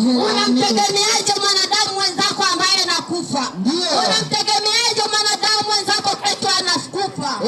Unamtegemeaje mwanadamu mwenzako ambaye anakufa? Unamtegemeaje mwanadamu mwenzako kwetu anakufa?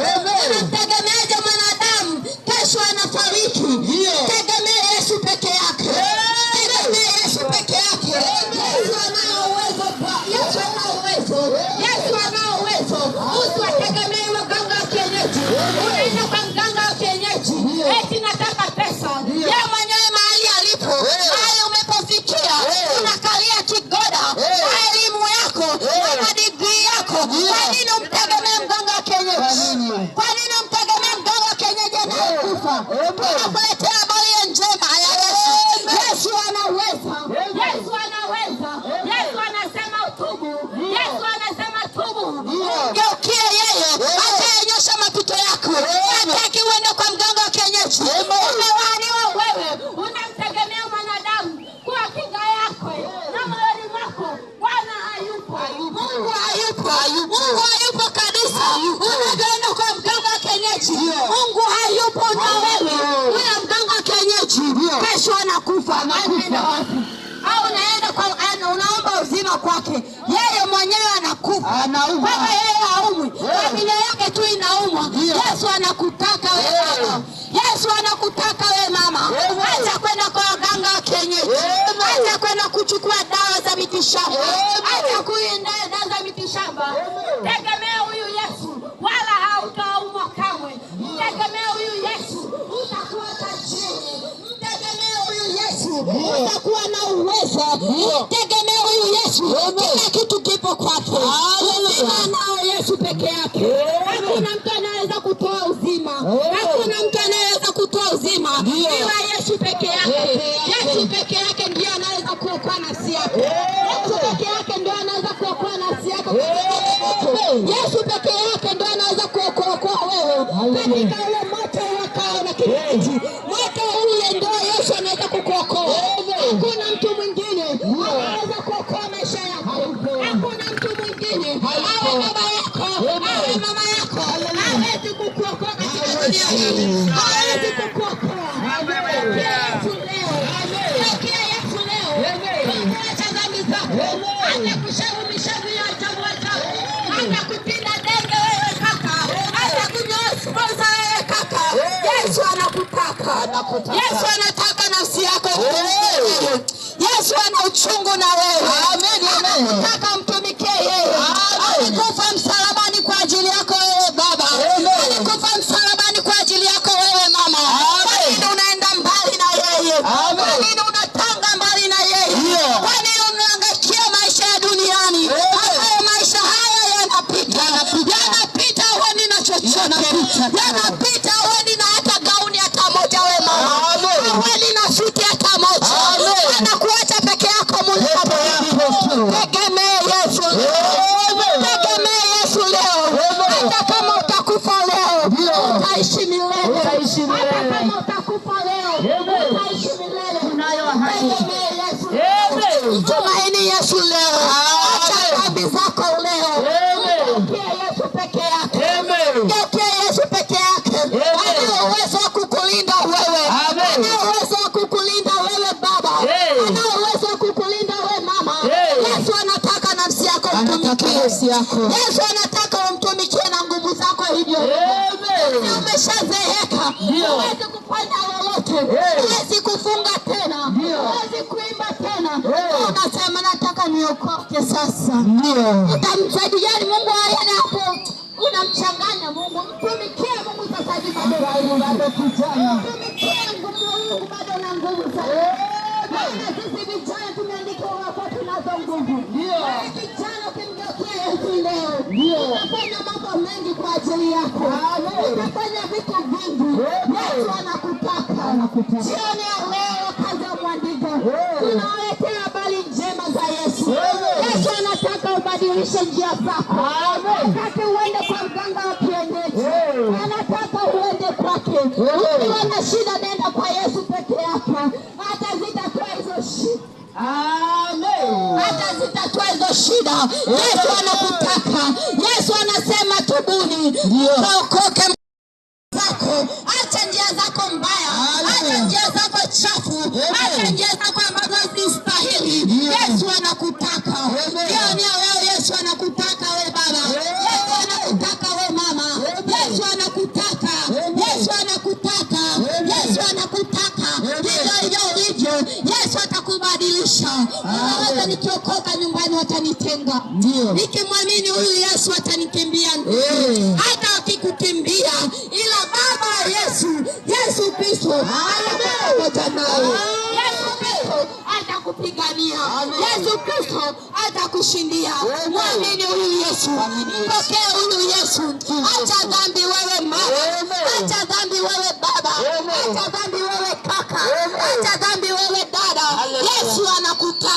anakufa au unaenda kwa unaomba uzima kwake, yeye mwenyewe anakufa, kwa yeye aumwi eh. familia yake tu inaumwa. Yesu anakutaka wewe eh. mama, Yesu anakutaka wewe mama, eh. acha kwenda kwa waganga wa kienyeji, acha kwenda kuchukua dawa za mitishamba, acha kuenda dawa za mitishamba utakuwa na uwezo. Mtegemee huyu Yesu, kila kitu kipo kwake. Uzima anao Yesu peke yake. Hakuna mtu anaweza kutoa uzima, hakuna mtu anaweza kutoa uzima, ila Yesu peke yake. Yesu peke yake ndiye anaweza kuokoa nafsi yako. Yesu peke yake ndiye anaweza kuokoa nafsi yako. Yesu Yesu anataka nafsi yako. Yesu ana uchungu na wewe, anakutaka Yanapita weni na hata gauni hata moja, we mama, weni na suti hata moja, anakuacha peke yako. Mungu, tegemee Yesu, tegemee Yesu leo. Hata kama utakufa leo, utaishi milele, hata kama utakufa leo atakupea nafsi yako. Yesu anataka umtumikie na nguvu zako hivyo hivyo. Umeshazeeka, huwezi kufanya lolote, huwezi kufunga tena, huwezi kuimba tena, unasema nataka niokoke sasa. Ndio utamsaidiaje Mungu? na hapo unamchanganya Mungu. Mtumikie Mungu sasa hivi, bado bado kijana, mtumikie Mungu, bado na nguvu sana. Sisi vijana tumeandikiwa wako tunazo nguvu. Ndio. kijana ukimgeukia Yesu leo, ndio. Unafanya mambo mengi kwa ajili yako. Unafanya vitu vingi. Watu wanakutaka. Jioni ya leo kaza mwandiko. Tunawaletea habari njema za Yesu. Yesu anataka ubadilishe njia zako. Anataka uende kwa mganga wa kienyeji. Anataka uende kwake. Ukiwa na shida nenda hazitatua hizo shida. Yesu anakutaka, Yesu anasema tubuni, mkaokoke zako, acha njia zako mbaya, acha njia zako chafu, acha njia zako ambazo zistahili. Yesu anakutaka, ndio nia wewe. Yesu anakutaka we baba, Yesu anakutaka we mama, Yesu anakutaka, Yesu anakutaka, Yesu anakutaka, hivyo hivyo hivyo, Yesu kubadilisha. Unaweza nikiokoka nyumbani watanitenga, nikimwamini huyu Yesu atanikimbia hata wakikukimbia, ila Baba Yesu, Yesu Kristo pamoja naye. Yesu Kristo atakupigania, Yesu Kristo atakushindia. Mwamini huyu Yesu, mpokee huyu Yesu. Acha dhambi wewe mama, acha dhambi wewe baba, acha dhambi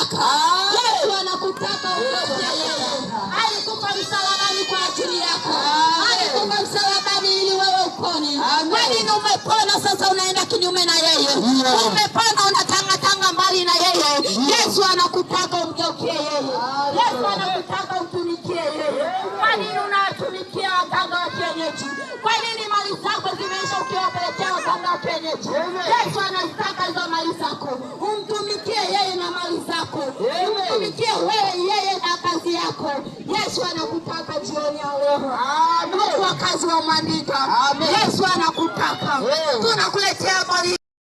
anakutaka ah! Yesu anakutaka uokoke yeye. Alikupa msalabani kwa ajili yako, ah! alikupa msalabani ili wewe upone. Kwa nini umepona sasa unaenda kinyume na yeye? Umepona unatangatanga mbali na yeye. Yesu anakutaka umgeukie yeye, Yesu anakutaka utumikie yeye. Kwa nini unawatumikia waganga wa kienyeji? Kwa nini mali zako zimeisha ukiwapelekea waganga wa kienyeji? Yesu anataka akufanikie wewe, yeye na kazi yako. Yesu anakutaka jioni ya leo, watu wa kazi wa Mandika, Yesu anakutaka, tunakuletea